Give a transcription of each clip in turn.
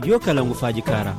studio kalangu faji kara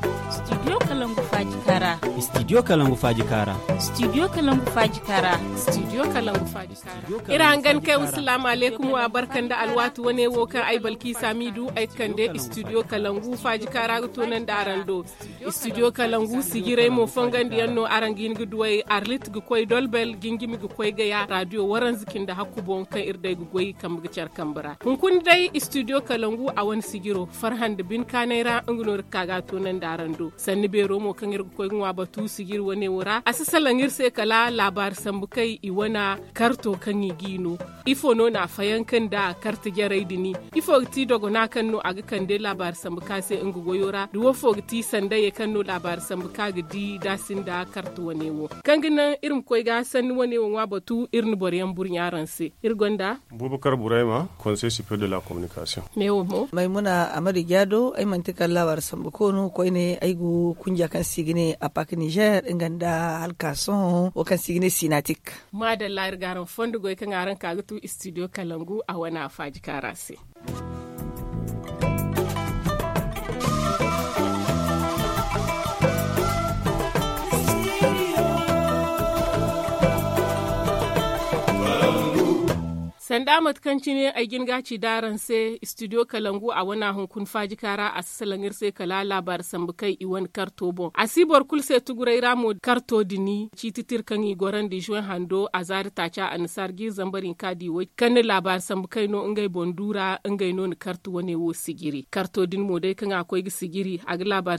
kara. Studio Kalangu faji kara. Studio Kalangu faji kara Studio Kalangu faji kara. Ira hangan kai wassalamu alaikum wa barkan da alwatu wane wokan ai balki samidu ai kande Studio Kalangu to nan da arando. Studio Kalangu sigire mo fangan da yanno arangin guduwai arlit gukoi dolbel gingimi gukoi gaya radio waran zikin da hakku bon kan irdai goyi kam char kambara. Mun kun dai Studio Kalangu a wani sigiro farhan da bin kanaira ingunor kaga nan da arando. Sanni be romo kan irgukoi ngir wa batu sigir wani wura asisala ngir irse kala labar sambukai iwana karto kan gino ifo no na fayan kan da karta gyarai dini ifo ti dogo na kan no aga kan de labar sambuka se ingu goyora duwo fo ti sanda ya kan no labar sambuka gidi da sin da karto wani wo kan ginan irin koi ga san wani wa batu irin boryan burnyaran se irgonda bubakar buraima conseil supérieur de la communication me wo mo maimuna amari gado ai mantikan labar sambuko no koi ne aigu kunja kan sigine a pak niger inganda halkason wakan sigine sinatik madalla irgaran fondugo ikan aran tu studio kalangu a wana faji karase. sanda matkantine aigin gaci daran se studio kalangu a wana hunkun faji kara a salangir se kala labar sambukai iwan karto bon sibor kul sai tugurai ramu karto dini cititir kan igoran di juin hando a zari tacha a nisar gi zambarin kadi wai kan labar sambukai no ingai bondura ingai no ni karto wane wo sigiri karto din mo dai kan akwai gi sigiri a gi labar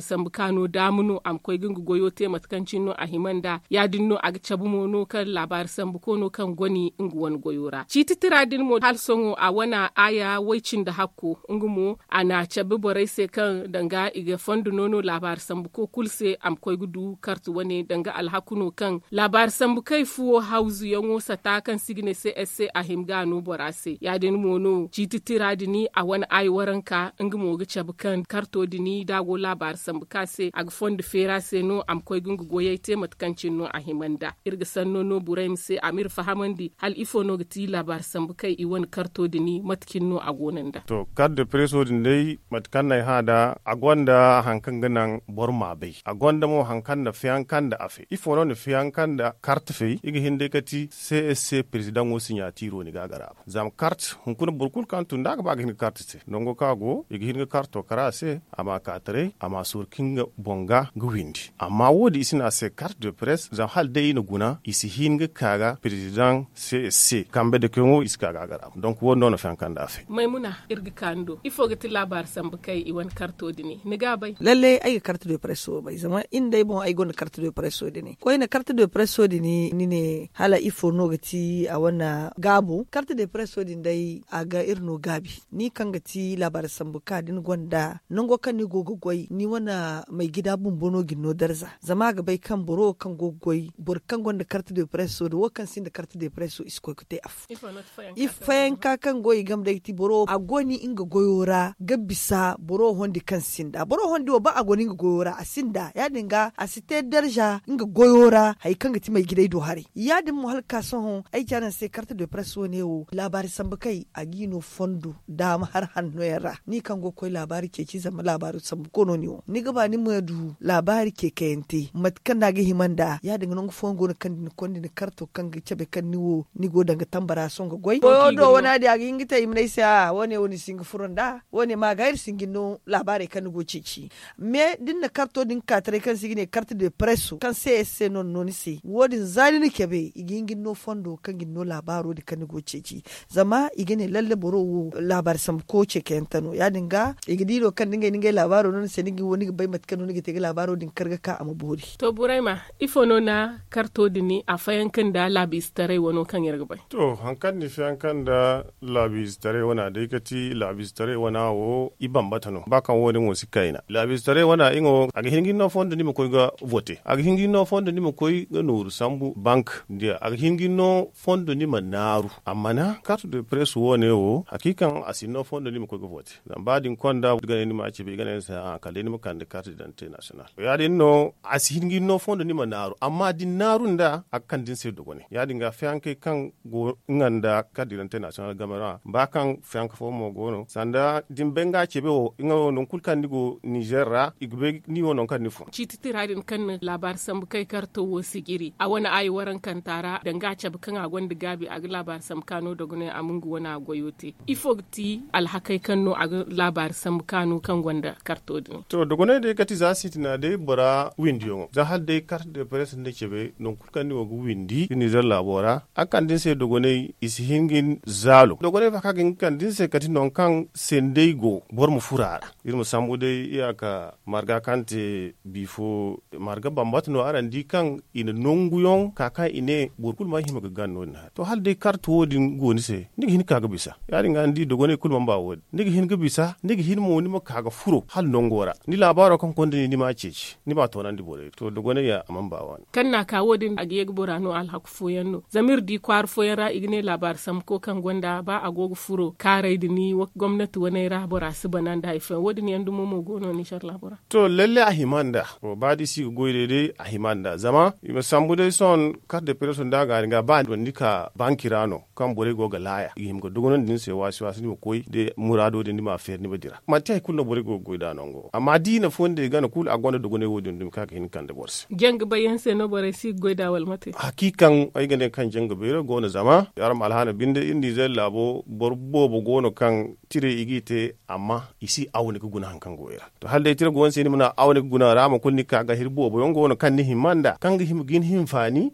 mu. damuno am koi gingu goyo te matkancin no a himanda ya dinno a gi cabumo no kan labar sambuko no kan gwani inguwan goyora cititira adin mo hal songo a wana aya waicin da hakko ngumo ana chabi borai se kan danga iga fondu nono labar sambu ko kulse am koy gudu kartu wane danga alhakuno kan labar sambu kai fuo hauzu yango sata kan signe ese a himga no borase yadin mo no jititira dini a wana ay waranka ngumo ga chabi kan karto dini dago labar sambu kase ag fondu fera se no am koy gungu goyai te matkancin no a himanda irga sanno no buraim se amir fahamandi hal ifo no gati labar sambu bu kai wani karto dini matkin no a gonan da to kar da preso din dai matkan ha da a gwanda hankan ganan bor ma bai a gwanda mo hankan da fiyan kan da afe i fono ni fiyan kan da kart fe igi ka kati csc president wo sinya tiro ni gagara zam kart hunkun burkul kan tun daga bagin kart se nongo kago igi hinga karto kara se ama katare ama ga bonga gwindi amma wodi isina se carte de presse zam hal dai na guna isi ga kaga president csc kambe de kengo iska ka gagara donc won no fen kan fe sai maimuna irgi kando ifo gati labar sambu kai i won karto dini ni ga bay lalle ay karto de presso bay zama inde bon ay gon karto de presso dini ko ina karto de presso dini ni ne hala ifo no gati a wana gabu karto de presso din dai a ga irno gabi ni kan gati labar sambu ka din gonda nan go kan ni gogo goi ni wana mai gida bun bono ginno darza zama ga bay kan buro kan gogoi bur kan gwanda karto de presso do wakan sin da karto de presso isko kute af ifayen kan goyi gam da iti boro a goni inga goyora ga bisa boro hondi kan sinda boro hondi wa ba a goni inga goyora a sinda ya dinga a site darja inga goyora hai kan gati mai gidai do ya din mu halka son ai jaran sai karta da press ne wo labari samba kai a gino fondo da ma har hannu yara ni kan go koi labari ke ki zama labari sambu kono ni wo ni ga ba ni mu du labari ke kayente matkan da ga himanda ya dinga non fongo kan ni kondi ni karto kan ga chabe kan ni wo ni go danga tambara son ga goy a wona de agi ingita a wone woni singi furunda wone ma gair singi no labare kan go cici me dinna karto din kan sigi ne carte de kan k'o non non si wodin zalini kebe igi ingin no fondo kan gin labaro de kan go cici zama igi ne lalle boro wo labar sam ko ce kentano ya dinga igi diro kan dinga dinga labaro non se nigi woni bai mat kan nigi te labaro din karga ka am bori to buraima ifo no na karto dini afayan kan da labistare wono kan yarga bai to hankan fiyan kan yankanda la visitare wana da ikati la visitare wana wo iban batano bakan woni mo sikaina la visitare wana ingo agi hingi no fondo ni mo ga vote agi hingi no fondo ni mo ga nuru sambu bank dia agi hingi no fondo ni manaru amana carte de presse wone wo hakikan no fondo ni mo ga vote dan badin konda gane ni ma ci be ni sa ah, kale ni mo kan de carte d'identité nationale ya din no asi hingi no fondo ni manaru amma din naru nda akan din sai dogone ya dinga fiyanke kan go nganda cadre national gamara kan frank fo mo gono sanda din dimbenga chebe o ingo non kul kan digo i igbe ni wonon kan nifu cititirarin kan labar sam kai karto wo sigiri a wani ayi waran kan tara danga chab kan a diga bi a labar sam kano da gune amungu wana goyote ifogti alhakai no a labar sam kano kan gwanda karto din to da gune de kati za sitina de bora windiyo za hal de kar de presse ne chebe non kul kan digo windi niger labora akan din se dogone isihin ngin zalo dogore faka kagin kan din se kati non kan go bor mu furara mu sambu dai ka marga kante bifo marga bambat no arandi kan ina k'a kaka ine burkul ma hima gagan non to hal de kartu wodi ni se nigi hin ga bisa yari ngandi dogone kulma ba wodi nigi hin ga bisa nigi hin mo ni ma ga furo hal nongora ni labaro kan kon ni ma ci ni ba tonan di bore to dogone ya amamba ba kan na ka wodi agiyeg borano al hakfo yanno zamir di kwar fo yara igne labar sam kam ko kan gwanda ba a gogo furo karai da ni gwamnati wani rabura su banan da haifan wadi ne yandu mu gono ni shar labura to lalle a himanda ko ba di si goyi daidai a himanda zama sambu bude son kar da person da ga ga ba wani ka banki rano kan bore goga ga laya yim go dogonon din se wasi wasi ni koi de murado de ni ma fer ni ba dira. ma tay kullo bore goga goyi da nan go. amma di na dina fonde gana kul a gonda dogone wodin dum ka ka hin kan da borsi. jeng bayan sai no bore si goyi da wal mate hakikan ay gane kan jeng bayan go na zama yaram alhana ginde indi zai labo borbo bobo gono kan tire igite amma isi awne ko guna hankan goyra to halde tire gon seni muna awne ko guna rama kunni ga hirbo bobo yon gono kan ni himanda kanga him gin him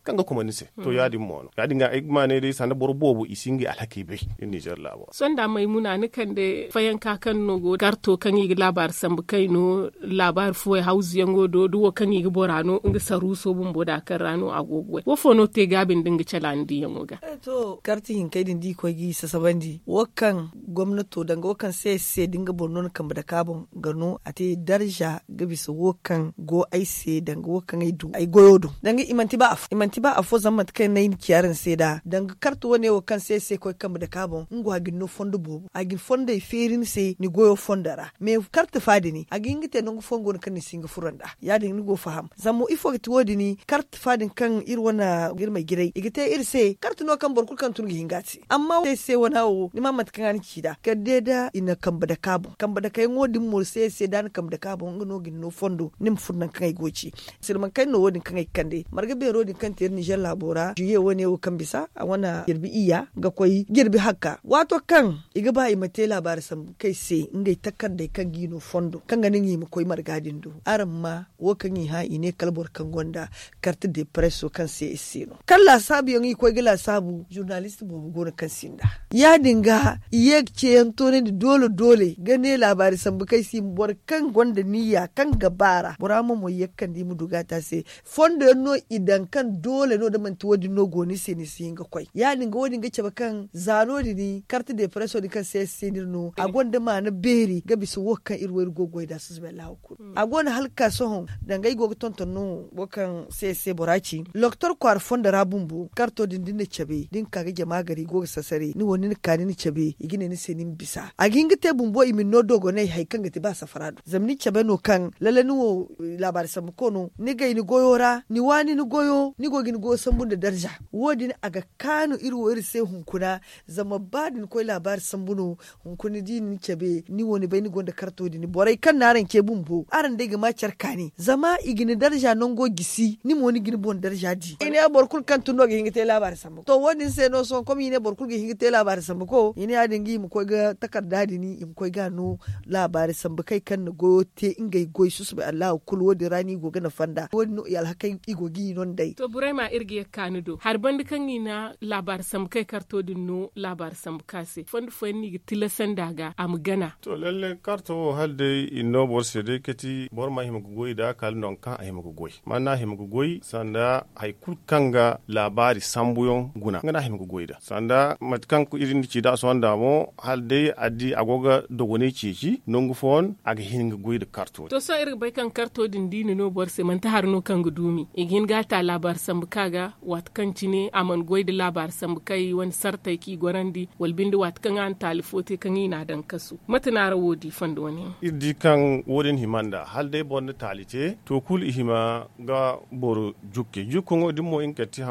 kan ga kuma nise to hmm. yadi mono yadi ga igma ne dai sanda bor bobo isingi alhaki be indi zai labo mai muna ni kan de fayan kan no go garto kan yi labar sambu kai no labar fuwe hausi yango do duwo kan yi borano inga saruso bumbo da kan rano agogwe wo n'o te gabin dinga calandi yango ga eh, to karti hinka kaydin di ko gi sasabandi wakan gwamnato danga wakan sai sai dinga borno na kamba da kabon gano a ate darja gabi so wakan go ai sai danga wakan ai du ai goyo du danga imanti ba af imanti ba afo zaman kai na yin kiyarin sai da danga karto wane wakan sai sai ko kamba da kabon ngo agin no fondo bobo a agin fondo ferin sai ni goyo fondara me karta fadi ni a agin gite no fongo kan kani singa furanda ya din ni go faham zammo ifo ti wadi ni karta fadi kan irwana girma girai igite irse karta no kan borkul kan tun hingat ti amma sai se wona o ni ma matakan an ka kadde da ina kamba da kabu kamba da kai ngodin mor sai se dan kamba da kabo no gin no fondo nim furna kan goci man kai no wodin kan ai kande marga be rodin kan ter ni jalla bora juye wani o kan bisa a wana girbi iya ga koi girbi hakka wato kan iga ba imate labar sam kai sai ingai takar da kan gino fondo kan ganin yi mu marga din do aran ma wo kan yi ha ine kalbor kan gonda kartu de presso kan sai isino kala sabu yangi koi gila sabu journalist bobu gona kan sinda ya dinga ye ceyan da dole dole gane labari sambu kai si bor kan gwanda niya kan gabara burama mo kan di mu dugata se fondo no idan kan dole no da manti wadi no goni se ni singa kwai. ya dinga wadi ga ceba kan zano di ni carte de presso di kan se ni no a gonda ma na beri ga kan wokan irwer gogoi da su zbe lawo ku a gonda halka hon dangai gogo tonton no wokan se se boraci loktor kwar fonda rabumbu karto din din cebe din kaga jama gari go sasare ni woni ni kani ni chabe igine ni senin bisa aginga te bumbo imi no dogo ne haikanga te ba safarado zamni chabe no kan lale ni wo labar sam kono ni gai ni goyora ni wani ni goyo ni go gin go sambu da darja wodi ni aga kanu iru iri se hunkuna zama badin koi labar sambuno hunkuni di ni chabe ni woni bai ni gonda karto di ni borai kan naran ke bumbo aran dai ma charkani zama igine darja non go gisi ni moni gin bon darja di ina bor kul kan tuno ga hingite labar sambu to wodi se no son komi ne ne bor kulgi hingi te labari sambu ko ini dingi mu koi ga takarda ni im koi ga no labari sambu kai kan go te ingai goi susu be Allah kul wodi rani go gana fanda wodi no yal hakai igo gi non dai to burema irgi kanudo har bandi kan ina labari sambu kai karto din no labari sambu kase fandu fanni gi tila sandaga am gana to lalle karto halde inno bor sede keti bor ma himu goy da kal non k'a ahim goy man'a himu goy sanda hay kul kanga labari sambu yon guna ngana himu goy da sanda da matkan ku irin ci da son da mu hal dai adi agoga dogone ci ci nongu fon ak hin goyi da karto to so irin bai kan karto din dini no bor se man ta har no kan gudumi igin e ta labar sambu kaga wat kan ne aman goyi da labar sambu kai wani sartai ki gorandi walbindi wat kan an talifote kan ina dan kasu matana rawodi fanda wani idi kan wodin himanda hal dai bonda talite to kul ihima ga boro jukke jukko ngo mo in katti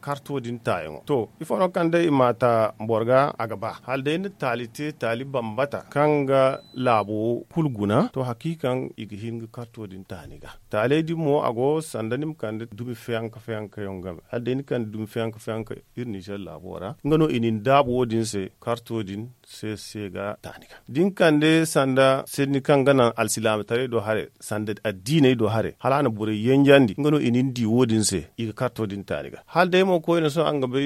karto din tayo to ifono kan dai dai mata borga a gaba hal dai ni talite tali bambata kan ga labo kulguna to hakikan igihin karto din taniga tale di mo ago sandanim kan dumi fiyanka fiyanka yonga hal dai ni kan dumi fiyanka fiyanka irni shal labora ngano inin dabo din se karto din se se ga taniga din kan de sanda sedni kan ganan alsilam tare do hare sanda addine do hare halana bure yenjandi ngano inin di wodin se iga karto din taniga hal dai mo ko ina so an gabe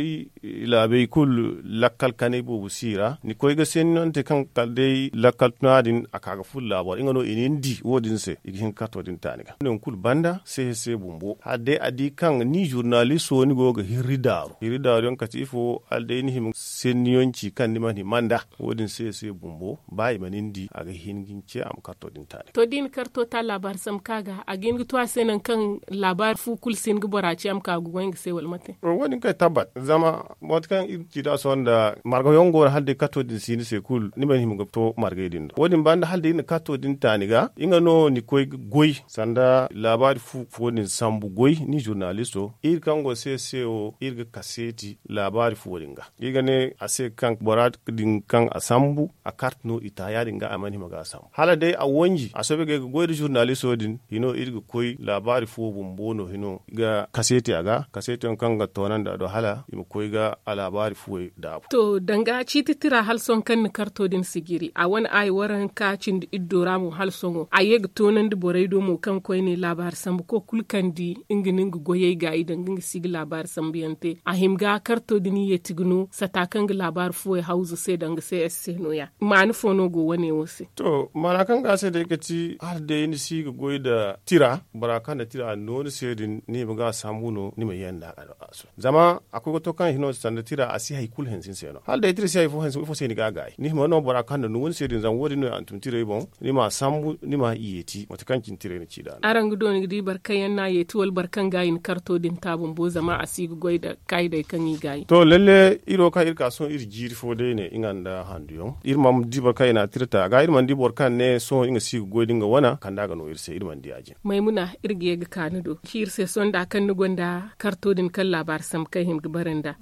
ilabe kul lakkal kane bobu sira ni koy ga sen non te kan kalde lakkal tunadin akaga ful labar ingano inindi wodin se igin kato din taniga non kul banda se se bumbo hade adi kan ni journalist woni goga hiridaro hiridaro yon kati fo alde ni him seniyanci kan ni mani manda wodin se se bumbo bai manindi aga hingin ce am kato din taniga to din karto ta labar sam kaga agin to senan kan labar fu kul sin gubara ci am kagu wanga se walmate wodin kai tabat zama kan cida sonda margo yongo halde katodin sini sekul nimen himgo to marga yedin wodin banda halde ina katodin taniga inga no ni koy goy sanda labari fu fodin sambu goy ni journalisto ir kango seseo irga kaseti labari fu wodinga iga ne ase kan borat din kan asambu a kartno itayadinga amani maga sambu. hala dai a wonji asobe ga goyde journalisto din hino irga koy labari fu bumbono hino ga kaseti aga kaseti on kanga tonanda da do hala ima koy ga a labari laari fuwe abu. to danga ciititira halson kan ni din sigiri a wani ayi waran kacindi iddoramu halsongo a yeg tonandi borai domo kan ne labar sambu ko kulkandi inginin ningi goyey ga idan ngi sigi labar sambu yante a himga kartodin yetigno sata ga labar fuwe hausa sai danga se noya ya mani fono go wane wose to mana kan ga se de ci har ni sigi goy da tira bara kan da tira noni sedin ni samu no ni mai yanda zama akwai to kan hino sanda tira asi hay kul hen sin seno hal de tri si hay fo hen fo seni gay ni ma no bora kan no won sedin zan wodi no antum tire bon ni ma sambu ni ma yeti mata kan kin tire ni cida arang do ni di barka yan na yeti wal barkan gayin karto din tabun bo zama asi goy da kai da kan yi gayi to lalle iro ka irka son ir jiri fo de ne inganda handu yo ir mam di barka na tirta ga ir man di kan ne so inga si goy nga wana kan daga no irse ir man di aje maimuna irge ga kanudo kirse son da kan ni gonda karto din kan labar sam kai him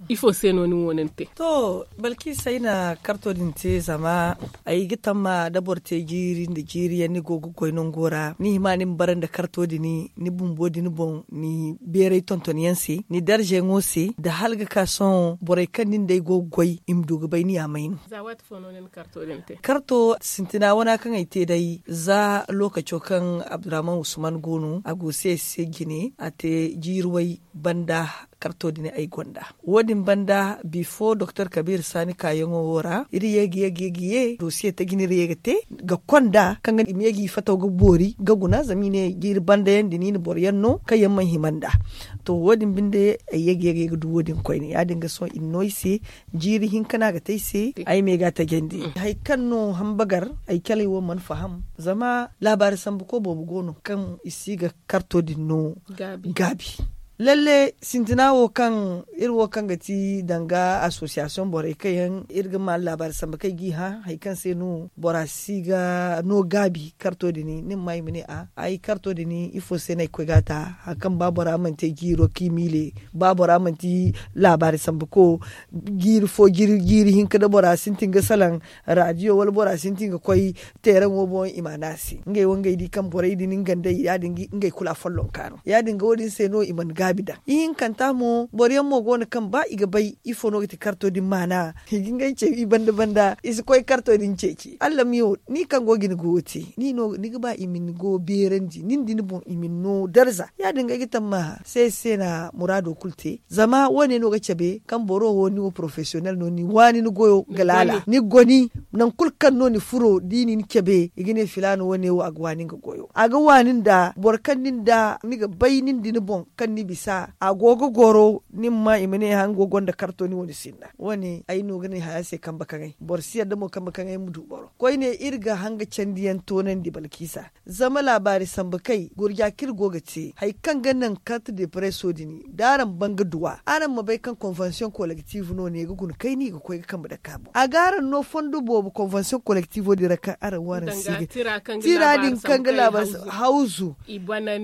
ifo se no ni te. to balki sai na karto din te zama yi gitan ma dabar te giri da giri ni gogo koy gora ni ma ni baran da karto ni ni bumbo ni bon ni bere tonton yansi ni darje ngosi da halga ka son borai kan din dai gogoy im duga bai ni amain za fono fononin karto din te karto sintina wana kan te dai za lokaco kan abdurrahman usman gonu a se a te banda kartodini ay gonda wodin banda before dr kabir sani kayongo wora iri yegi yegi yegi ye dossier ta gini ga konda kanga imi yegi fataw ga bori ga guna zamine gir banda yandi ni bor yanno kayan man himanda to wodin binde yegi yegi yegi du wodin koyni ya dinga son innoise jiri hinkana ga taise ay me ga ta gendi hay kanno hambagar ay wo man faham zama labar sambu ko bobu gono kan isiga karto dinno gabi gabi lalle sintinawo kan irwo kan gati danga association bore kayan irga ma labar samba kai gi ha hay kan se no bora siga no gabi karto dini nin mai mini a ai karto dini ifo se ne kwegata hakan babora man te giro kimile babora man ti labar samba ko gir fo gir gir hin kada bora sintinga salan radio wal bora sintinga koi teran wo bon imanasi ngai wangai di kan bore dini ngande ya dingi ngai kula follow karo ya dinga wodin se no iman gabida yin kanta mu bori mo gona kan ba iga bai ifono ti karto din mana higin gai ce i banda banda is koi karto din ceki allah miyo ni kan go gin goti ni no ni ba imin go berendi nin din bon imin no darza ya ga gitan ma sai sai na murado kulte zama wani no cebe kan boro woni wo professionnel no ni wani ni goyo galala ni goni nan kulkan no ni furo dinin ni kebe igine filano wani wo agwani ga goyo aga wanin da borkan nin da mi ga bai nin din bon kan ni bisa agogo goro ma imene han gogon da kartoni woni sinna woni ai no gane haya se kan bakan bor siya da mo kan bakan mudu boro koi ne irga hanga candiyan tonan di balkisa zama labari sambakai gurya kir goga ce hai kan ganan kat de presso dini daran banga duwa aran bai kan convention collective no ne gugun kai ni ga koi kan da kabo a garan no fondo bobu convention collective di raka ara waran sige tira kan ga labar hauzu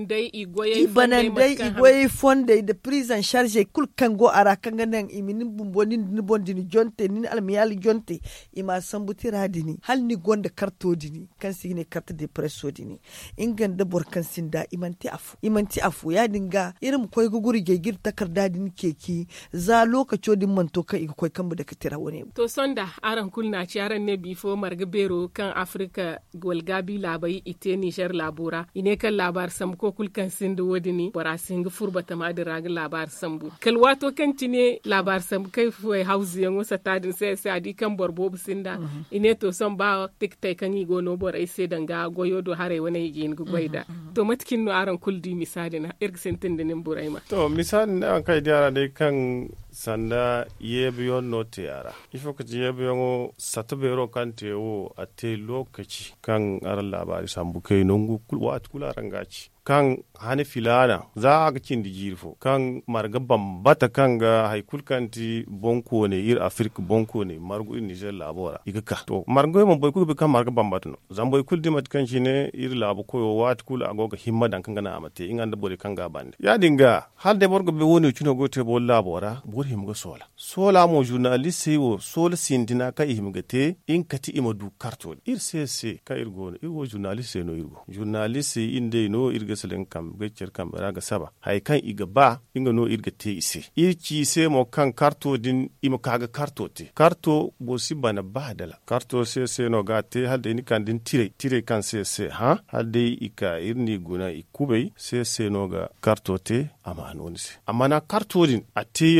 dai igoye dai igoye fonde de prise en charge kul kango ara kanga nan imini bumbo ni ni bondi ni jonte ni almiyali jonte ima sambuti radini hal ni gonda karto dini kan sigine carte de presso dini ingan da bor kan sinda imanti afu imanti afu ya dinga irin koy guguri gegir takarda dini keki za lokaco din manto ka iga koi kambu da katira wone to sonda aran kulna ci aran ne bifo marga bero kan afrika golgabi labai ite niger labora ine kan labar sam ko kul kan sinda wodini bora singa furba ma da ragin labar sambu Kalwa wato kan ne labar sambu kai foi hausi yan wasa tadin sai sai adi kan borbo da mhm. ine to son ba tik tai kan yi gono bora ai sai danga goyo do hare wani yin da. Mhm, mhm. to matkin no kuldi misali na irgisentin da burai buraima to misali na an kai diyara dai kan sanda yebiyon no te yara ifokati yebiyon o satobero kan te wo a te lokaci kan aran labari sambuke nungu wat kula rangaci kan hani filana za a cin da jirfo kan marga bambata kan ga haikul ti bonko ne ir afrik bonko ne margo ir niger labora igaka to margo mo boy kubi kan marga bambata no zan boy kul dimat kan shine ir labo koyo wat a agoga himma dan kan gana amate inga da bori kan ga bande ya dinga hal da borgo be woni cuno gote bol labora bur himga sola sola mo journaliste wo sola sindina ka himga te in kati ima du karto ir sese ka irgo ir wo journaliste no irgo journaliste inde no irga selen kam ga cer kam raga saba hay kan iga ba inga no irga te ise ir ci se mo kan karto din ima kaga karto te karto bo si bana ba dala karto sese no ga te halde ni kan din tire tire kan sese ha halde ika irni guna ikubei sese no ga karto te amano ni amana karto din a te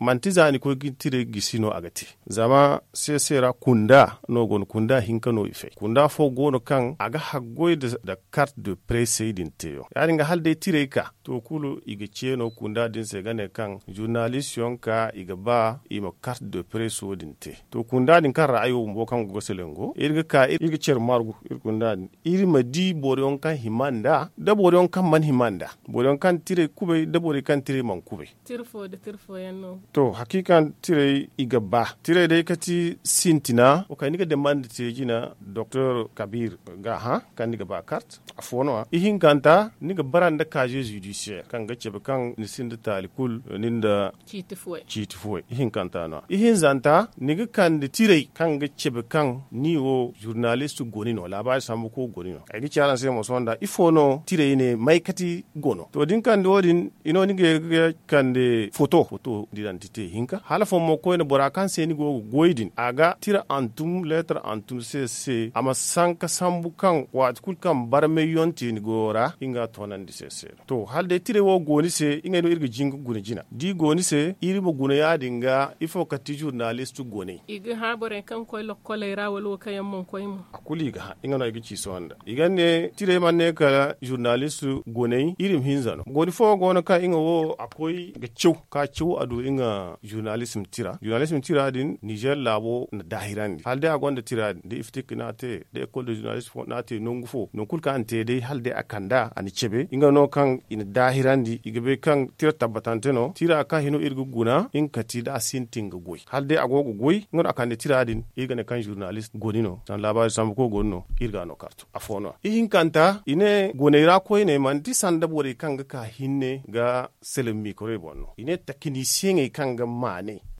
manti zani ko gintire gisino agati zama sesera kunda no gon kunda hinka no ife kunda fo gono kan aga hagoy da carte de presse din teo yari nga halde tire ka to kulu iga cheno kunda din se gane kan journalist yon ka iga ba ima carte de presse din to kunda din kan rayo mbo kan go selengo irga ka irga cher margu irkunda iri madi boryon kan himanda da boryon kan man himanda boryon kan tire kube da boron kan tire man kube tirfo da tirfo yanno to hakikan tire iga ba tire dai ka ci sintina o nika demande tire jina docteur kabir ga ha nika ba carte a fono a ihin ganta niga baranda casier judiciaire kan ga cebe kan ni sinda talikul ninda chitifuwe chitifuwe ihin kanta no ihin zanta niga kan da tire kan ga cebe kan ni wo journalist goni no labari sambu ko goni no ai gicharan sai mo sonda ifono tire ne mai kati gono to din kan do din ino niga kan de photo photo dida identité hinka hala fo mo koyne bora kan seni go goydin aga tira antum lettre antum cc ama sanka sambukan wat kul kan barme yonti ni gora inga tonan di cc to halde tire wo goni se inga no irgi jingu guni jina di goni se iri mo gune ya dinga ifo kati journalist goni igi ha bore kan koy lokkole rawol wo kayam mon koy mo akuli ga inga no igi ci so anda ne tire man ne ka journalist goni irim hinzano goni fo gona ka inga wo akoy ga ciw ka ciw adu inga inga journalism tira journalism tira din niger labo na dahirandi halde a gonda tira de iftik na te de école de journalisme na te nongu fo non kul kan te de halde akanda ani chebe inga no kan ina dahirandi igebe kan tira tabatante no tira ka hino irgu guna in kati da sintinga goy halde agogo goy ngon akande tira din irga ne kan journalist gonino tan labar sambuko gonno irga no kartu afono ihin kanta ine goneira ko ine man di sanda bore kan ga ka hinne ga selem mikro bonno ine takinisiyen e kan ga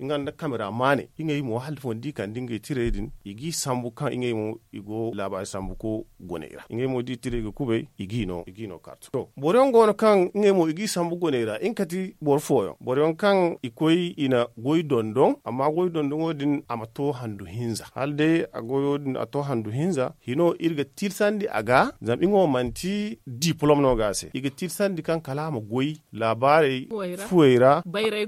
inga na kamera mane inga yimo hal fon di kan dinga tire din igi sambu kan inga yimo igo laba sambu ko gonera inga yimo di tire go kube igi no igi no kartu to boron gono kan inga yimo igi sambu gonera in kati bor foyo boron kan ikoi ina goy dondon amma goy dondon odin ama to handu hinza halde agoyo din ato handu hinza hino irga tirsandi aga zam ingo manti diplom no gase iga tirsandi kan kala ma goy labare fuera bayre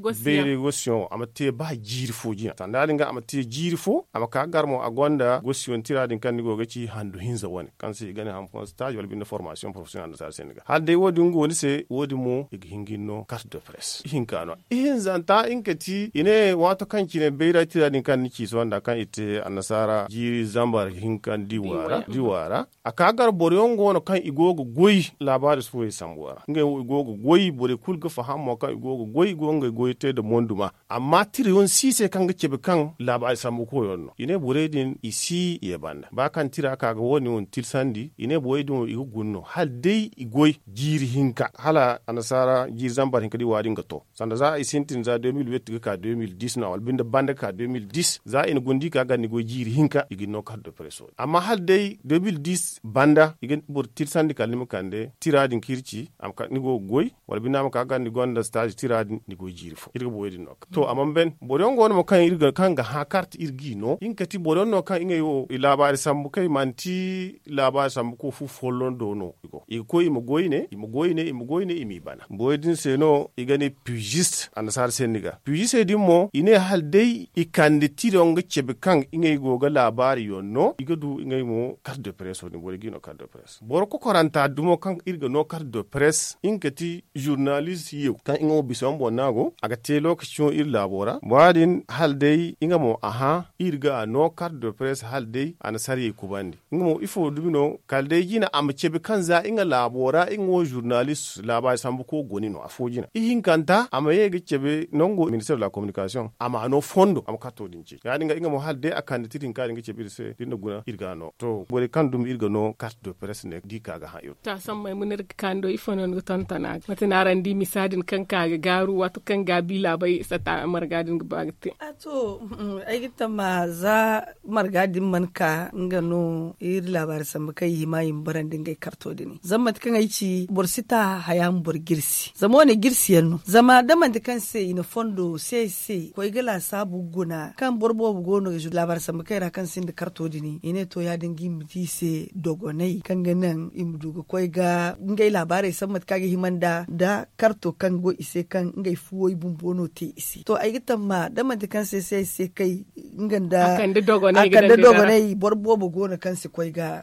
gosiyon ama te ba fo jiya sanda din ga amati fo ama ka garmo agonda gosi won tiradin kan ni gogaci handu hinza woni kan si gani ham kon stage wal bin formation professionnel na sar senegal hadde wodi ngoni se wodi mo ig hinginno carte de presse no in zanta in kati ine wato kan kine beira tiradin kan ni ci so wanda kan ite anasara jiri zambar hinkan diwara diwara aka gar boryon no kan igogo goyi labaris fo e sambuwara ngai igogo goyi bore kulga fahamo kan igogo goyi gonga goyi te da monduma amma tiri yon sise kanga kebe kan laba isa muko yonno ine bure din isi ye banda ba kan tira ka ga woni on tilsandi ine boye din igu gunno hal dai igoy jiri hinka hala anasara jiri zambar hinka di wadin ga to sanda za a isintin za 2008 ka 2010 na albinda banda ka 2010 za in gundi ka ga ni go jiri hinka igi no ka do preso amma hal dai 2010 banda igi bur tilsandi kalim kande tiradin kirci am ka ni go goy walbina am ka ga ni gonda stage tiradin ni go jiri fo irgo boye din nok to amma ben boron gonmo kan irga kan ga ha kart irgino in kati boron no kan inga yo labari sambu kai manti labari sambu ko fu follon do no igo igo ko imo goyne imo goyne imo goyne imi bana boydin seno igani pugist anasar seniga pugist dimmo ine haldei ikande tironga chebe kan inga go ga labari yo no iga du inga mo carte de presse ni bore gino carte de presse boro ko koranta dumo kan irga no carte de presse in kati journaliste yo kan inga bisom bonago aga te lokacin ir labora mowadin haldei inga mo aha irga a no carte de presse haldei ana sari kubandi inga mo ifo dubino kaldei jina am chebe kanza inga labora ingo journalist laba sambu ko goni no afo jina ihin kanta ama yege chebe nongo ministère de la communication ama no fondo am kato dinci yani inga inga mo halde akande tirin kadi inga chebe se dinna guna irga no to bore kan dum irga no carte de presse ne di kaga ha yo ta samma e mun kando ifo non go tantana matana randi misadin kan kaga garu watu kan gabi labai sata amargadin dunga bagate ato mm, ta ma za ka manka ngano iri labar samba kai ma yin baran dinga karto dini ta kan aici borsita hayan bor girsi zama wani girsi yanu zama daman ta kan se ina fondo sai sai ko gala sabu guna kan borbo gono ga labar samba kai ra kan sin da karto dini ine to ya dingi miti se dogonai kan ganan imdugo ko ga ngai labarai samma kage himanda da karto kan go ise kan ngai fuwo bumbono te isi to ta amma dama da kansi sai sai kai inganda akande dogonai akande dogonai borbo bo gona kansi koi ga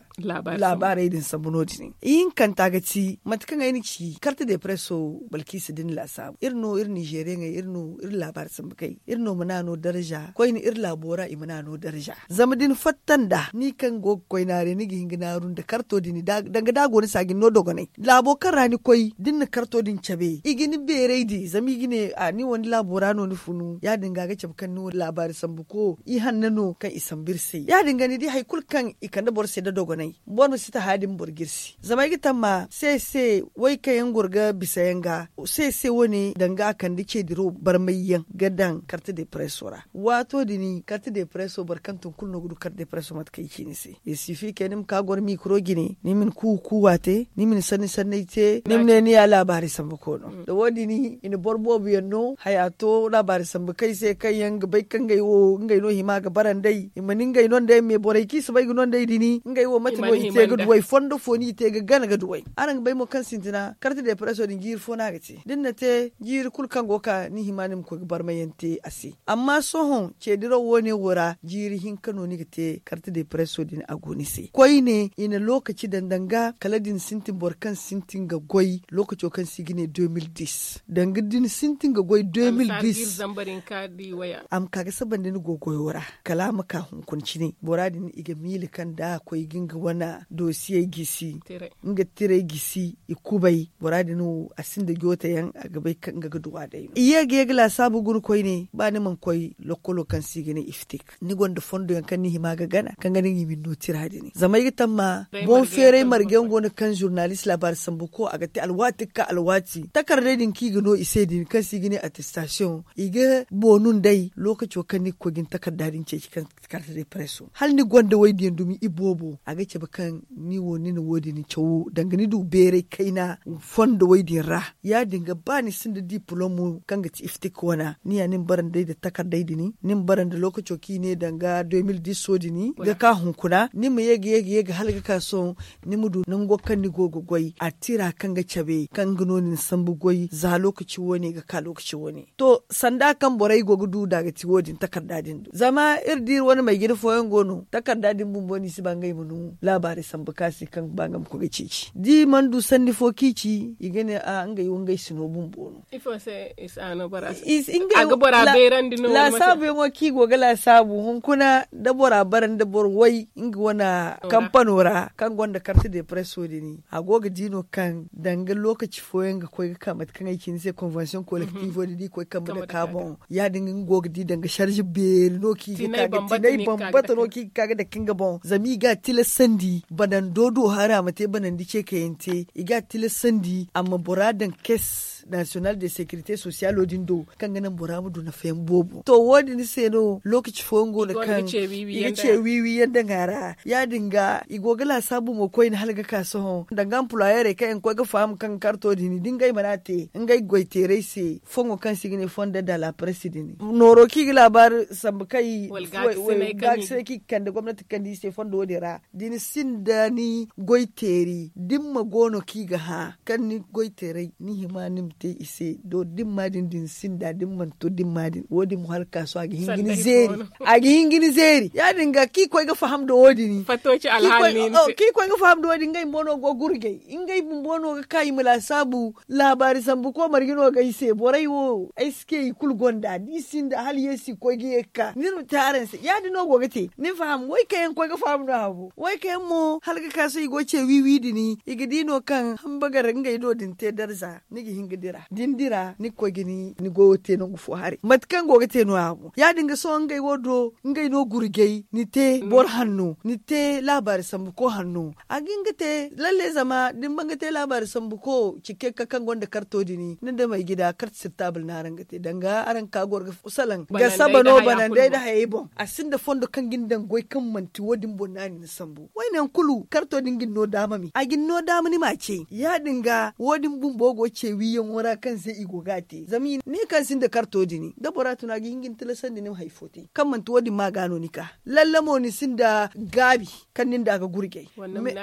labarai din sabunoti ne in kan taga ci matkan ayin ci karta da presso balki su din la sabu irno ir nigeria ngai irno ir labar sun kai irno munano daraja koi ni irin labora i munano daraja zama din fattan da ni kan go koi na re ni gingina da karto din danga dago ni sagin no dogonai kan rani koi din karto din chabe igini bere di a ni wani labora no ni funu ya dinga ga cebkan no labar sambuko i hannano kan isan birsi ya dinga ni di hay kulkan ikanda bor se da dogonai bor sita hadin bor girsi zama gitan ma sai sai wai yan gurga bisa yanga sai sai wani danga kan dike diro barmayyan gadan de pressora wato dini karta kan tun kulno gudu de presso mat kai kini se e sifi kenim ka gor micro gine ni min ku ku wate ni min sani sani te ni min ne ya labari sambuko no mm. da wodi ni in borbo biyanno hayato labari sambu kai sai kai yanga bai kan gai wo ngai no hima ga baran dai imani ngai non dai me borai ki su bai non dai dini ngai wo mati wo ite ga duwai fondo foni ite ga gana ga duwai anan bai mo kan sintina karti da preso din gir fona ga ti din na te gir kul kan go ka ni hima nim ko bar mai mayante asi amma sohon ce diro woni wura jiri hin kano ni ga te karti da preso din agoni se koi ne ina lokaci dandanga kaladin sintin bor kan sintin ga goi lokaci kan sigine 2010 dangidin sintin ga goi 2010 ka di waya am kaga da ni gogoyora kalama ka hunkunci ne da ni iga mili kan da koy ginga wana dosiye gisi tere. nga tire gisi ikubai a sin da gyota yan a gabai kan ga duwa dai iya ge gila sabu gun koi ne ba ni man koi lokolo kan sigine iftik ni gonda fondo yan kan ni hima ga gana kan ganin yimi no tiradi ne zama yi ma bon fere margen gona kan journalist labar sambu ko aga ti alwati ka alwati takardar din ki gano ise din kan ne attestation iga bonun dai lokaci wa ni kogin takardarin ce kan karta dai preso hal ni gwanda wai diyan dumi ibobo a gace kan ni wo ni na wodi ni cewu dangani du bere kaina fondo wai diyan ra ya dinga ba ni sun da diplomo kan ga iftik wana ni ya nin baran dai da takardai dini nin baran da lokaci ki ne danga 2010 sodi ni ga ka hunkuna ni mu yage yage yage hal ga kaso ni mu du nan gokan ni gogo goyi a tira kan ga cabe kan gnonin sambu goi za lokaci wani ga ka lokaci wani to sanda kan borai go gudu daga ci wodin takarda din zama irdi wani mai gida foyan gono takarda din bumbo ni si bangai munu labari san bukasi kan bangam ko ci di mandu sandi fo kici igene a anga yi wangai sino bumbo no ifo se is ano baras is inga aga bora beran din no la sabu yango ki goga la sabu hun kuna da bora baran da bor wai inga wana kampanora kan gonda karti de presso ni a goga dino kan dangal lokaci foyan ga koy ga kamat kan aikin sai convention collective mhm. di koy kam da carbon ya goga gogdi danga sharji bel no ki tinai bambata no kaga da kinga bon zami ga tilasandi banan dodo hara mate banan dice kayente iga tilasandi amma buradan kes national de sécurité sociale odin do kan ganan buramudu na fem bobo to wodi ni seno lokaci fongo da kan igice wiwi yanda ngara ya dinga igogala sabu mo koyin halga kaso dangan pulayere ka en ko ga fam kan karto dini dinga manate ngai goitere se fongo kan sigine fonde da la presidini noro ki labar sambukai walgak ki kan da gwamnati kan di se fondo dira dini sindani goiteri dimma gono ki ga ha kan ni goiteri ni himanim te ise do din madin din sinda din man to din madin wodi mu har kaso a gingini zeri a gingini zeri ya dinga ki koy ga faham do wodi ni fatoci alhalin oh, ki koy ga faham do wodi ngay mbono go gurge ngay mbono ga kay mala sabu labari sambu ko margino ga ise borai wo eske kul gonda di sin da hal yesi koy ge ka nir taren se ya dino go gate ni faham wai kayan koy ga faham do habu wai kayan mo hal ga kaso igo ce wiwi dini igidino kan hambagar ngay do din te darza ni gi hingi dindira dindira ni ko gini ni go te no gufo hari matkan go te no amu ya dinga so ngai wodo ngai no gurgei ni te mm. bor hannu ni te labar ko hannu aginga te lalle zama din banga te labar ko cike ka kan gonda karto dini nan da mai gida kart sirtabul na ranga te danga aran ka gorga usalan ga sabano banan dai da hayi bon asin da fondo kan gindan goy kan manti wodin bonani ni sambu wainan kulu karto dingin no dama agin no dama ni ma ce ya dinga wodin go ce wiyan dabora kanse igogate zami kan sin da kartoji ni bora tuna gi hingin tilasan da haifote kan man to wadi magano ni ka lallamo ni sin da gabi kan nin da ga gurgai wannan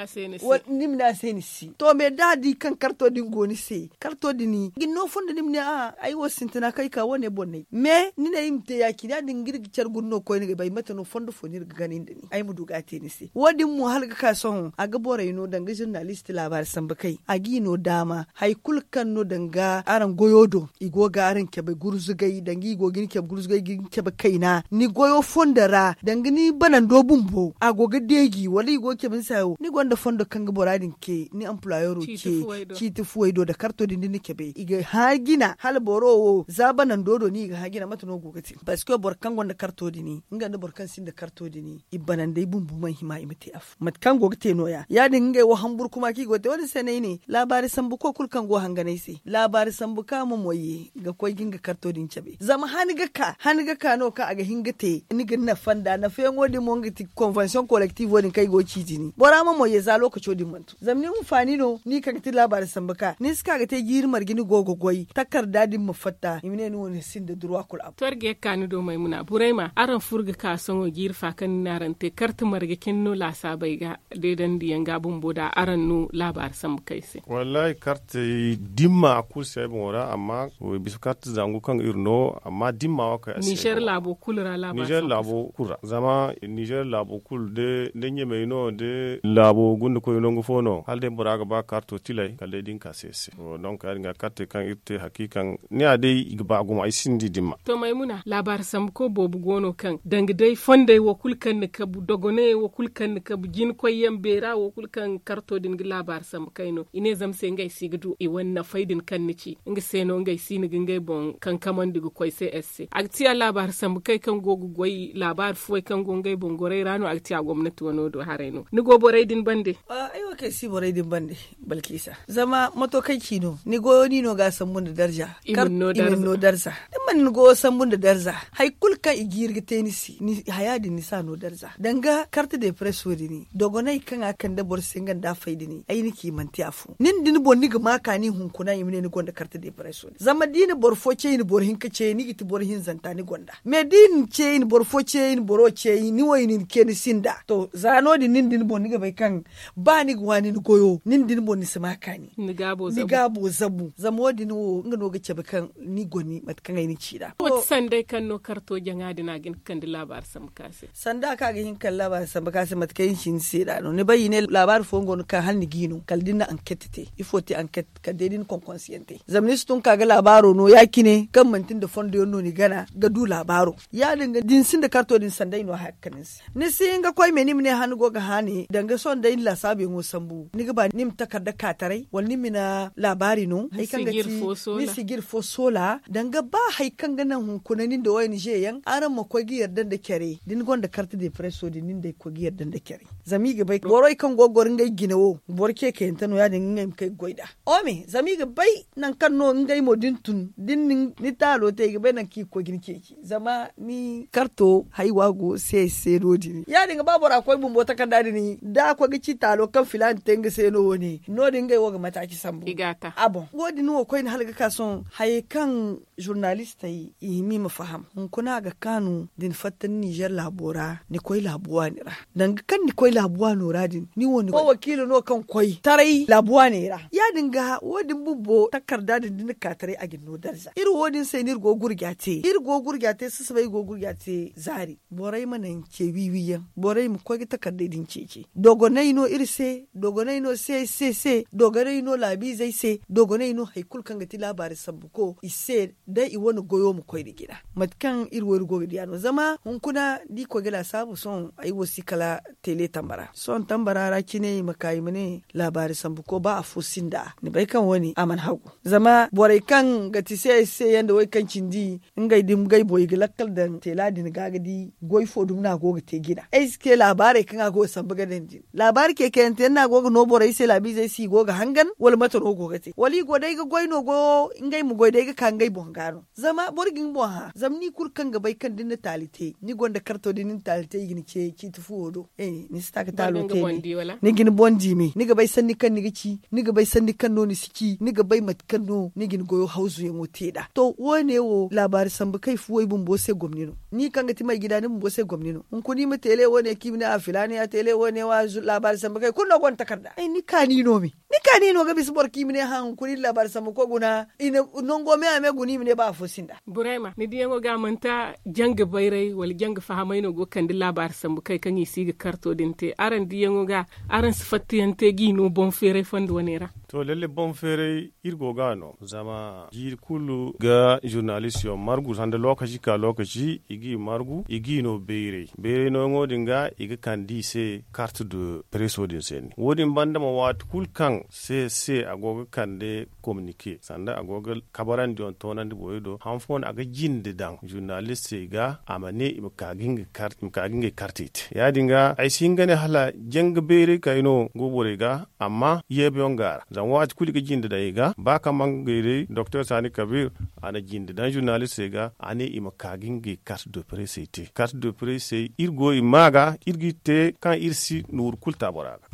na sai ni si to me dadi kan kartoji go ni se kartoji ni gin no funda nim ne a ah, ai sin tana kai ka wane bonne me ni ne imte ya ki da din girgi char gunno ko ni bai mata no funda fo ni ganin da ni ai mu te ni sai wadin mu halga ka son a ga borai no danga journalist labar san bakai a dama haikul kan no ga aran do igo ga aran kebe gurzugai dangi igo gini kebe gurzugai gini kebe kaina ni goyo fondara dangi ni banan do bumbo go ga degi wala igo kebe sayo ni gonda fondo kanga boradin ke ni employer ke kiti fuwaido da karto din ni kebe iga hagina hal boro do do ni iga hagina gina mata no gogati basko bor kan gonda karto ni inga da bor kan sin da karto ni ibanan dai bumbu man hima imati af mat kan gogate noya ya dinga wa hambur kuma ki gote wani sanai ne labari san ko kulkan go hanganai sai labari sambu ka mo moyi ga kogin ga karto din chabe zama haniga ka haniga ka no ka aga hinga te niga na fanda na fe ngodi mo ngiti convention collective wodin kai go ni bora mo moye za lokaci din mantu zamni mu fani no ni ka ti labari sambu ka ni ska ga te giri margini gogo goyi takarda dadin mu fatta imine ni woni sin da durwa kul ab torge ka ni do mai muna burema aran furga ka songo gir fa kan naran te kartu kin no la sabai ga dedan diyan gabun boda aran no labar sambu kai wallahi karte dimma kursiya bon wara amma biskat zangu kan irno amma dimma wa ka. niger labo kulra labo niger labo kura zama niger labo kul de de nyeme ino de labo gundu ko ino ngofono halde buraga ba karto tilai k'ale din ka sese oh, donc ari ga katte kan irte hakikan ni ade igba gum ai sindi dimma to maimuna labar sam ko bobu gono kan dangi dai fonde wo kul kan ne kabu dogone wo kul kan ne kabu jin ko bera wo kul kan karto din labar sam kaino ine zam sengai sigdu i wannan faidin kan nici ga seno isi ni ga bon kan kaman digu koy CSC agtiya labar sambu kai kan gogu goy labar fuwai kan gongai bon gore rano a gwamnati wano do hareno ni go borai din bande ayo ah, kai si borai din bande balkisa zama matokai kino ni go ni no ga sambun da darja imin no darza man ni go sambun da darza hai kulka igirgi tenisi ni hayadi ni sa no darza danga carte de presse wodini dogonai kan akan da borsingan da faidini ai ni ki manti afu nin din bon ni ga maka ni hunkuna imine ni gonda karta de presso zama dina borfo ce ni bor ka ce ni iti hin zanta ni gonda me din ce ni borfo ce ni boro ce ni wai ni ke ni sinda to zano di nin din bon ni ga bai kan ba ni gwani ni goyo nin din bon ni sama kani ni gabo zabu ni gabo zabu zama wadi ni wo nga no ga ce kan ni goni mat kan ni ci da wat sandai kan no karto janga dina gin kan di labar sam kase sanda ka ga hin kan labar sam kase mat kan shin se da no ni bayi ne labar fongo hal ni gino kaldina enquête te il te enquête ka dedin kon kante. zamani ka ga kaga labaro no ya kine kan mantin da fondo yono ni gana ga du labaro ya dinga dinsin da karto din sandai no hakkanis ni sin ga kwai menim ne hanu go ga hani danga son da illa sabe ngo sambu ni ga ba nim takarda katarai wal ni na labari no Ni kan fosola. ni sigir fosola danga ba hai kan ga nan hun kunanin da wayin je yan aran makwagi yardan da kere din da karta da preso din da kwagi yardan da kere zamigi bai goro kan gogorin gai ginawo borke ke no ya ngai kai goida ome zamigi bai nan no ngai mo dintun din ni talo te ga bai nan ki ko gin keki zama ni karto haiwa go se se rodi ni ya ga babu ra koi bumbo kan dadi ni da ko ci talo kan filan tenga se no ne no dinga wo ga mataki sambu igata abo godi no koi ni halga kason hay kan journalista yi ihimi mafaham hun kuna ga kanu din fatan Niger labora ni koi labuwa ni ra dan kan ni koi labuwa no radin ni woni ko wakili no kan koi tarai labuwa ne ra ya dinga wodin bubbo takarda da din ka tarai a ginno darza iri wodin sai ni go gurgyate iri go gurgyate su sabai go gurgyate zari borai manan ke wiwiya borai mu kogi takarda din keke dogonai no iri se dogonai no se se se dogonai no labi zai se dogonai no haikul kan ga ti labari sabbuko ise dai i wani goyo mu koi da gida matkan iri wori go gidiyano zama hunkuna di ko gila sabu son ai wasi kala tele tam tambara son tambara ra kine makayi mune labari sambu ko ba a fusin da ni bai kan wani aman hagu zama borai kan ga ti sai sai yanda wai kan cindi in gai dim gai boy galakkal dan tela din gagadi goy fo dum na goga te gida eske labari kan ga go sambu ga din labari ke ke enten na goga no borai sai labi zai si goga hangan wal mata no goga te wali go dai ga goy no go in gai mu goy dai ga kan gai bongano zama borgin bon ha zamni kur kan ga bai kan din talite ni gonda karto din talite yin ce ki tufu wodo eh ni ta ka talo ne ni gin bondi me ni gabai sanni kan ni gici ni gabai sanni kan no ni siki ni gabai mat kan no ni gin goyo hausu ya mote da to wone wo labari sambu kai fuwai bun bose gwamnino ni kan ga timai gida ni bun bose gwamnino in kuni mu tele wone kimi na afilani ya tele wone wa labari sambu kai kun no takarda ai ni kani no me ni kani no ga bis ki kimi ne han kuni labari sambu ko guna ina nongo me ame guni mi ne ba fosinda burema ni diyango ga manta janga bayrai wal janga fahamai go labari sambu kai kan yi siga karto din te te aran diyan ga aran sifatiyan te gi no bon fere fondo nera to lalle bon fere irgo no zama jir kulu ga journalist yo margu sande lokaci ka lokaci igi margu igi no beire beire no ngodin ga igi kan di se carte de presse odin sen wodin banda ma wat kul kan se se agoga kan de communique sande agoga kabaran dion tonan di boydo hanfon aga jinde dan journalist ga amane ibka ginga carte ibka ginga carte ya dinga ai singa mene hala jeng beri kaino gobore ga amma yebe ongar zan wati kuli ga jinde da ga ba kaman gere dr sani kabir ana jinde dan journalist ga ane ima kagin ge carte de presse te carte de presse irgo imaga irgite kan irsi nur kulta boraga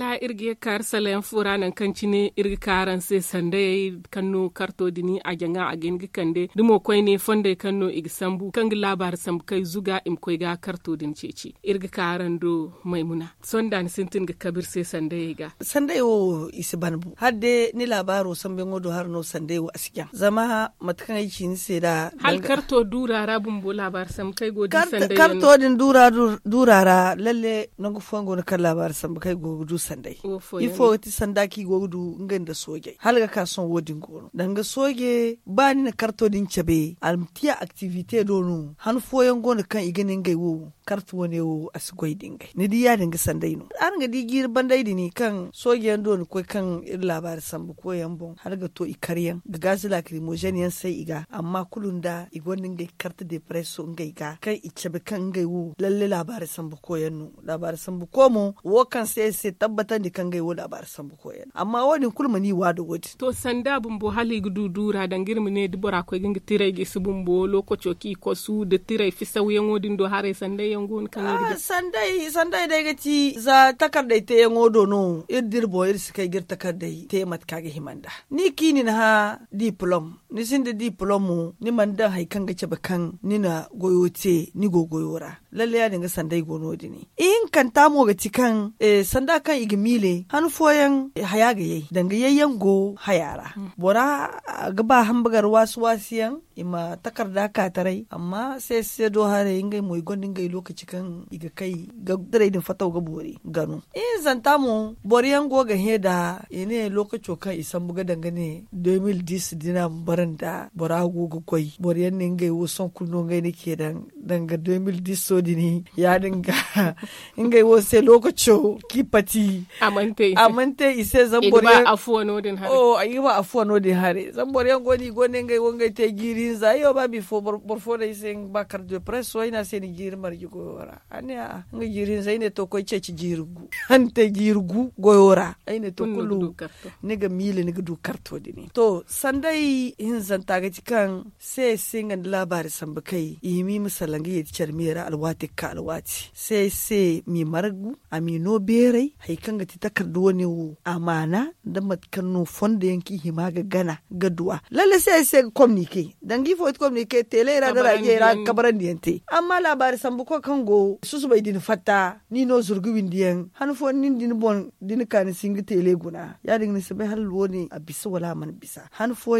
la irge kar salen furanan kancine irge karan se sande yayi kanno karto dini a janga a gengi kande dumo koy ne fonde kanno ig sambu kang labar sam kai zuga im koy ga karto din cece irge karan do maimuna sondan sintin ga kabir se sande ga sande o isiban bu hadde ni labaro sambe ngodo har no sande wo asikyan zama matkan aiki ni se da hal karto dura rabun bo labar sam kai godi sande karto din dura durara lalle nangu fongo na kan labar sam kai godi sandai ifo ti sanda ki ngan da soge halga ka son wodin goro danga soge bani na karto din cabe almtiya activité donu han foyon gona kan iganin gai wo karto ne wo asigoi dingai ni di yadin ga sandai no an ga di gir bandai di ni kan soge yan donu ko kan ir san sambu ko yambon har ga to i karyan. ga gasi lacrimogen yan sai iga amma kulun da gonin gai karta depresso ngai ga kan ichebe kan gai wo lalle labari sambu ko yanno san sambu ko mo wo kan sai sai tab tabbatar da kan gaiwo labarin san sambu ko yana amma wani kulma ni da wodi to sanda bumbo hali gudu dura dan girmi ne dubura ko ginga tirai ge su bumbo lokaci ki ko su da tirai fi sauyen wodin do hare sanda yango kan ah, gai sanda sanda dai ci. za takar ta te yango do no ir dirbo ir sikai gir takardai. te mat himanda ni kini na ha diploma ni sin da diplomu ni man dan haikan ga ce kan ni na goyote ni ra lalle ya dinga sandai gono dini in kan mo ga cikan e, sanda kan igmile han foyan e, haya ga yayi danga yayyan go hayara hmm. bora han hambagar wasu wasiyan ima takarda ka tarai amma sai sai do hare ingai moy gondin gai lokaci kan iga kai ga dare din fatau ga bore gano in e, zanta mu boriyan go ga heda ine lokaci kan isan buga dangane 2010 dina bar nan da borago gugoi bor yan ningai wo son kulno ngai ke dan ga 2010 so dini ya dinga ngai wo sai lokaco ki pati amante amante se zan bor yan afu no din hare oh ayi ba afu no din hare zan bor yan goni goni ngai wo ngai te girin za yo ba fo bor fo da ise ba kar de press wai na sai ni girin mar gi goyora ani a ngai girin sai ne to ko ceci jirgu hante girgu goyora ai ne to kullu ne ga mili ne ga du karto dini to sandai in yin zanta ga kan sai singan labari sambu kai imi misalan ga yiti mera alwati ka alwati sai sai mi margu amino berai haikan ga takardu wani wo amana da matkan no fonda yanki hima ga gana ga duwa lalle sai sai komnike dangi gifo it komnike tele ra da rage ra kabaran diyante amma labari sambu ko kan go susu bai din fatta ni no zurguwin diyan hanfo nin din bon din kan singi tele guna ya dinga sabai halwo ne a bisa wala man bisa hanfo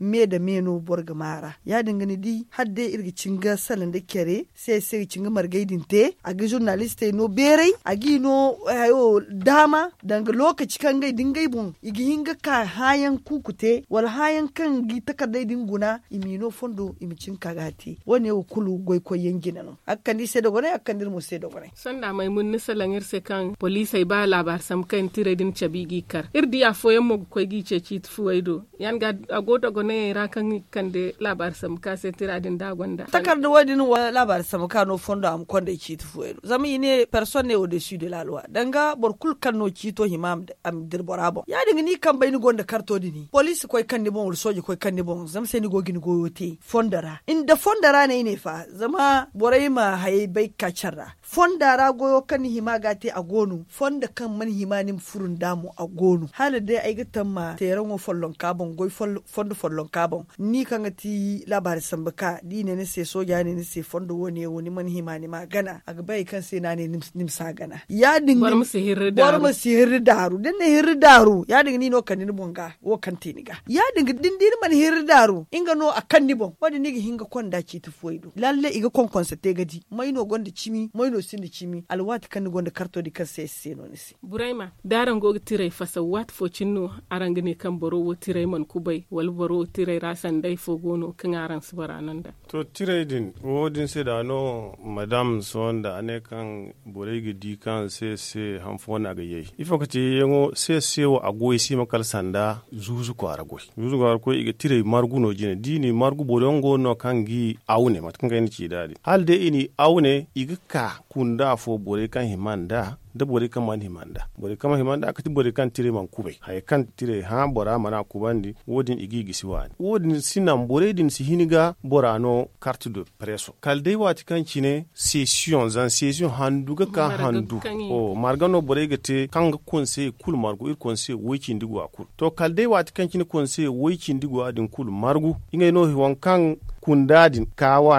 me me da meno borga mara ya dingani di dai irgi cinga salan da kere sai sai cinga margaidin te a ga journalist no berai a gi no ayo eh, dama danga lokaci kan gai dingai bon igi hinga ka hayan kukute wal hayan kan gi takardai guna imino fondo imicin kagati wani kulu goi ko yengina no di sai da gore akandir mu sai da gore da mai mun nisalan irse kan police ba labar sam kan tire din chabigi kar irdi ya foyen mo ko gi ce ci tuwaido yan ga agoda gone ne kan kan labar samuka sai tira din da gonda takar da wani wa labar samuka no fondo am konde ki tufu eno zami ne person ne au de la loi danga bor kul kan no ki to himam am dir borabo ya dinga ni kan bayni gonda karto dini police koy kan ni bon soje koy kan ni bon zam se ni gogin goyote fondara inda fondara ne ne fa zama borai ma haye bai kacarra fondara goyo kan hima te a gonu fonda kan man hima furun damu a gonu hala dai aigatan ma teran wo follon kabon goy fondo kabon ni kan ti labarin sambaka di ne ne se soja ne ne se fondo wone woni man hima ne magana a ga bai kan se na ne nimsa gana ya dinga bar musu hirri daru bar musu hirri daru din ne hirri daru ya dinga ni no kan ni bonga wo kan te ni ga ya dinga din din man hirri daru inga no kan ni bon wadi ni hinga kon da ci tu foido lalle iga kon kon se te gadi mai no gonda cimi mai no sin cimi alwati kan ni gonda karto di kan se se no ni se buraima daran go tirai fasa wat fo cinno arangane kan boro wo tirai man kubai wal boro tirai rasan dai fogono kin aran su baranan da to tirai din wodin sai da no madam son da ane kan bore gidi kan sai han fona ga yayi. Ifa ka ce yango sai sai wa Agoyi si makal sanda zuzu ko aragoi zuzu ko aragoi iga tirai margu no jine dini margu borongo no kan gi aune matkan ga ni ci dadi hal de ini aune iga ka kunda fo bore kan himanda da bore kan man himanda bore kan himanda ka ti bore kan tire man kube hay kan tire ha bora mana kubandi wodin igi gisiwani wodin sinan bore din si hiniga bora no carte de presso kalde wati kan cine session zan session handuga ka handu o oh, margano bore te. kan konse kul margu ir konse wiki ndigo akul to kalde wati kan cine konse wiki ndigo adin kul margu ingay no hiwan kan kundadin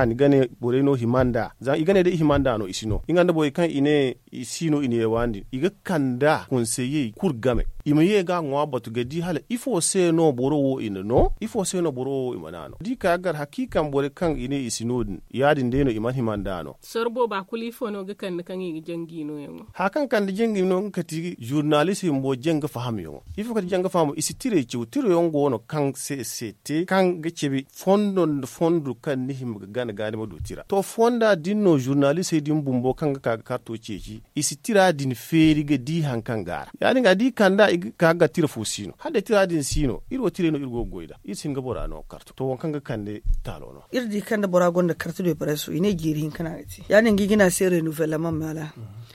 ni gane bore no himanda zan gane de himanda no isino inganda boy kan ine isino ine wandi iga kanda kur kurgame ima ye ga ngwa batu ga di hala ifo se no boro wo ina no ifo se no boro wo ima nano di ka gar hakikan bore kan ine isinodin yadin de no iman himan dano sorbo ba kuli fo no ga kan kan yi jangi no yango ha kan di jangi no ka ti journalist mo jenga faham yo ifo ka jenga faham isi tire ci tire yongo no kan se se te kan ga cebi fondon fondu kan ni him ga gana gane ma tira to fonda no journalist din bumbo kan ga ka karto ceci isi tira din feri ga di hankan gar yani ga di kanda ka ga tira fo sino hande tira din sino iro tire no irgo goida isin ga bora no kartu to wankan ga kande talo no irdi kande bora gonda karto do presu ine giri hin kana ati yanin gigina sai renouvellement mala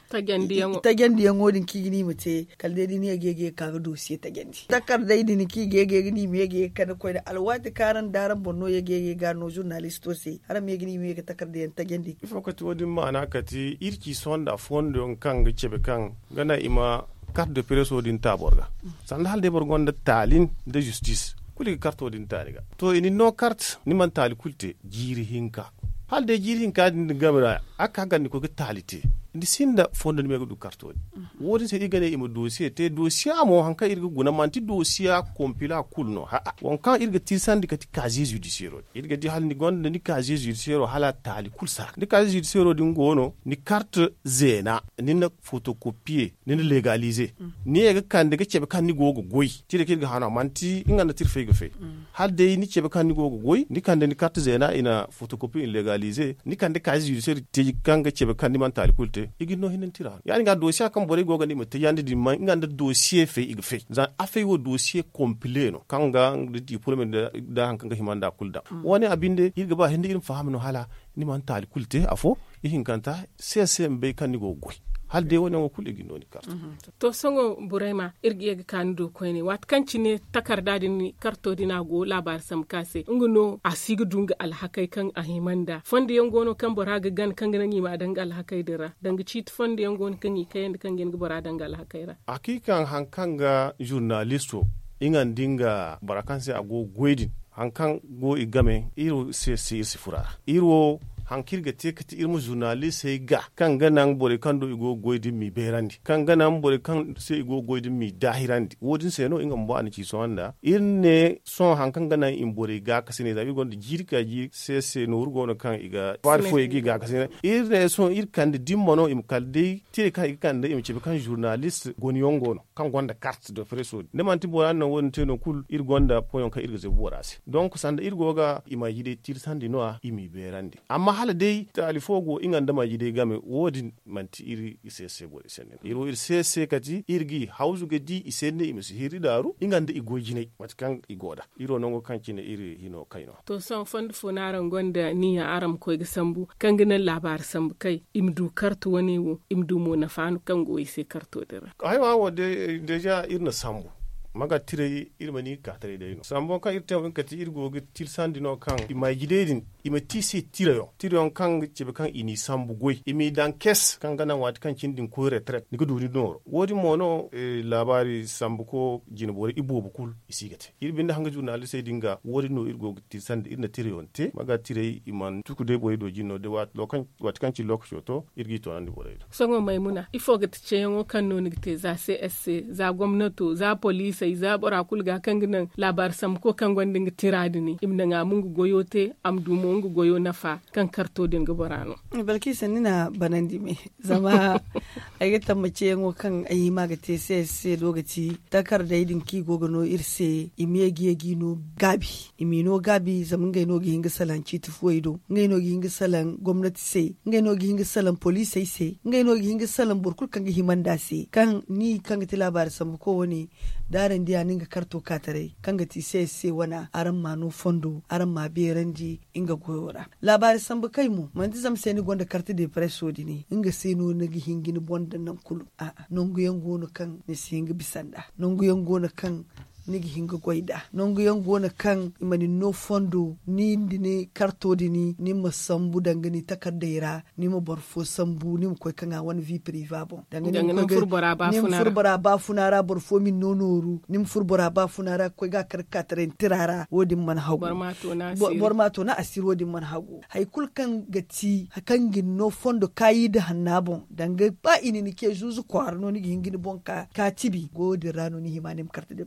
ta gendi yango ta gendi yango din ki gini mate kalde din ya gege ka ga dossier ta gendi kar dai din ki gege gini me gege kada ko da alwadi karan daran bonno ya gege ga no journalist to sai har me gini me ta kar dai ta gendi ifo ka to din ma na kati irki sonda fondo kan ga cebe kan gana ima carte de presse odin taborga sanda de bor de talin de justice kuli carte odin tariga to ini no carte ni man tali kulte jiri hinka halde jiri hinka din gamra akka gandi ko talite ndi sinda fondani mego du kartoni wodi se igane ima dossier te dossier mo hanka irga guna manti dossier compila kulno ha wonka irga tirsandi kati casier judiciaire irga di halni gonda ni casier judiciaire hala tali kul sarak ni casier judiciaire di ngono ni carte zena ni na photocopier ni na legaliser ni ega kande ga chebe kan ni gogo goy tire kirga hana manti ingana tirfe ga fe hal de ni chebe kan ni gogo goy ni kande ni carte zena ina photocopie photocopier legaliser ni kande casier judiciaire kanga chebe kandi man tali kulte igi no hinen tiran yani ga dossier kan bore goga ni mate yandi di man ngande dossier fe igi fe za afe wo dossier complet no kanga di diplome da da ga himanda kulda mm. wani abinde irga ba hindi irin fahamu no hala ni man tali kulte afo ihin kanta csm be kan ni go goy wani wona wo gino ni carte mhm. to songo burayma irgi yegi kani do koyne ne takarda takardadi ni karto dina go labar sam kase n'o a sigi dunga alhakai kan a himanda yan gono kan boraga gan kan gana nyima danga alhakai dira danga chit fonde yangono kan yikayen kan gen bora danga alhakai ra hakikan hankanga jurnalisto ingan dinga barakanse ago gwedin hankan go igame iro se se sifura. iro hankir ga te kati irmu journalist sai ga kan ganan bore kan do igo goidi mi berandi kan ganan bore kan sai igo goidi mi dahirandi wodin sai no inga mbo an ci so anda irne son hankan ganan in bore ga kasine da bigon da jirka ji sai sai no urgo no kan iga far fo igi ga kasine irne son ir kan di dimmono im kalde te kan iga kan da im ci kan journalist goni no kan gonda carte de presso ne man tibo an no won no kul ir gonda poyon ka irga ze borase donc sanda irgo ga ima tirsandi no a imi berandi amma hala dai ta ingan inganda maji dai game wodi manti iri isese bo isene iro isese kati irgi hausu ge di ne imisi hiri daru inganda igojine matkan igoda iro nongo ne iri hino kaino to san fand funaran gonda ya aram ko ga sambu kanginan labar sambu kai imdu kartu wani wo imdu mo kan kango ise karto dira aiwa wode deja irna sambu maga tire irmani ka tare de sambo ka irte on kati irgo gi tilsandino kan ima gidedin ima tisi tire yo tire on kan cibe kan ini sambu goy imi dan kes kan gana wat kan cindin ko retret ni duri noro wodi mono e, labari sambu ko jinbore ibobu kul isigate irbinda hanga journalist e dinga wodi no irgo gi tilsandi irna tire on te maga tire iman tukude boy do jinno de wat lokan wat kan ci lokcio to irgi to andi boray songo maimuna ifo gati ceyo kan no ni te za csc za gwamnato za police sai zabura kulga kang nan labar sam ko kan gwandi tiradi ni imna nga mungu goyote am du mungu goyo nafa kan karto din ga borano balki sanina banandi me zama ai ga tamace ngo kan ayi ma ga sai sai lokaci takar da idin ki gogano irse imiye giye gino gabi imino gabi zaman ga no gihinga salan ci tufu ido ngai no gihinga salan gwamnati sai ngai no gihinga salan police sai sai ngai no gihinga salan burkul kan gi himanda sai kan ni kan ga labar sam ko wani darin diya ninga karto katare kanga ti sai sai wana aran manu fondo aran ma berandi inga goyora labari bu kai mu mandi zam sai ni gonda karti de presso dini inga sai no gi hingini bonda nan kulu a ah, ah. nongu yango no kan ni singi bisanda nongu yango no kan nigi hinga goida nongu yangu na kan imani no fondo ni dini karto dini ni masambu dangani takadera ni mo borfo sambu ni mo koy kanga wan vie priva bon dangani ko furbora ba funara ni furbora ba funara borfo min noru ni mo furbora ba funara koy ga kar katren tirara wodin man hagu bormato na asir bormato na asir wodin man hagu hay kul kan gati hakan gin no fondo kayi da hannabon dangai ba ini ni ke zuzu kwarno ni gingini bon ka ka godi rano ni himanim karta de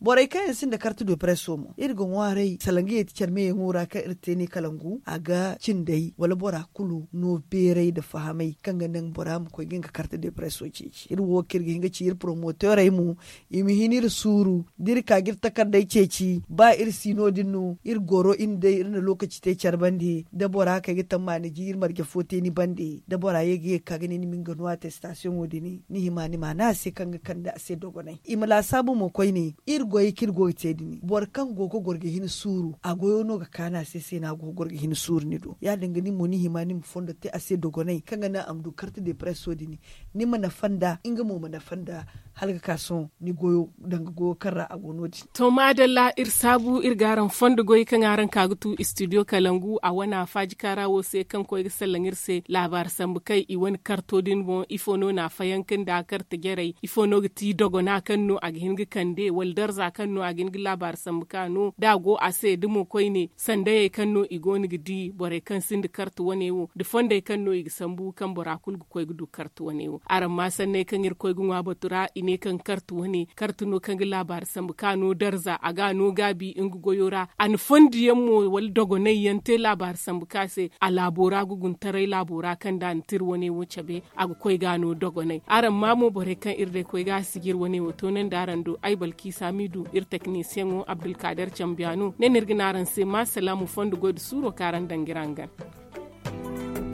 borai kayan sin da kartu do presso mu irgun warai salangi yeti charme ngura ka irteni kalangu aga dai wala bora kulu no bere da fahamai kan ganin bora mu ko ginga kartu do presso ci ir wo kirgi ginga ci ir promoter mu imi hinir suru dir ka gir ce ceci ba ir sino dinno ir goro in dai irin lokaci te charbandi da bora ka gitan maniji ir marge fote ni bande da bora ge ka gani ni minga nuwa te station wodini ni himani mana se kanga kanda se dogonai imla sabu mo ne ir kirgoyi kirgoyi ni bor kan gogo gorge hin suru a goyo no ga kana sai sai na go gorge hin suru ni do ya dangani ni moni hima ni fondo te ase dogonai kanga na amdu carte de presse dini ni mana fanda inga mo mana fanda halga kason ni goyo danga goyo karra a gonoji to madalla ir sabu ir garan fondo goyi kan aran kagutu studio kalangu a wana faji karawo sai kan koy sallan ir se labar sambu kai i wani karto din bon ifono na fayan kan da karta ta gerai ifono ti dogo na kan no a gihin de wal darza kan no a gihin labar sambu kano da go a se dumo koy ne sanda kan no i goni gidi bore kan sind karto wane wo de fonda kan no i sambu kan bora kulgu koy gudu karto wane wo aran ma sanne kan ir koy gunwa batura ne kan kartu wani no kan labar sambu kano darza a gano gabi in goyora an fondi yammo wal dogonai yante labar sambu kase a labora gugun tarai labora kan da antir wani wuce be a koi gano dogonai aran mu bore kan irde koi ga sigir wani wato nan da aran do ai balki samidu ir technicien abdul abdulkader chambiano ne nirginaran se ma salamu fondu god suro karan dangirangan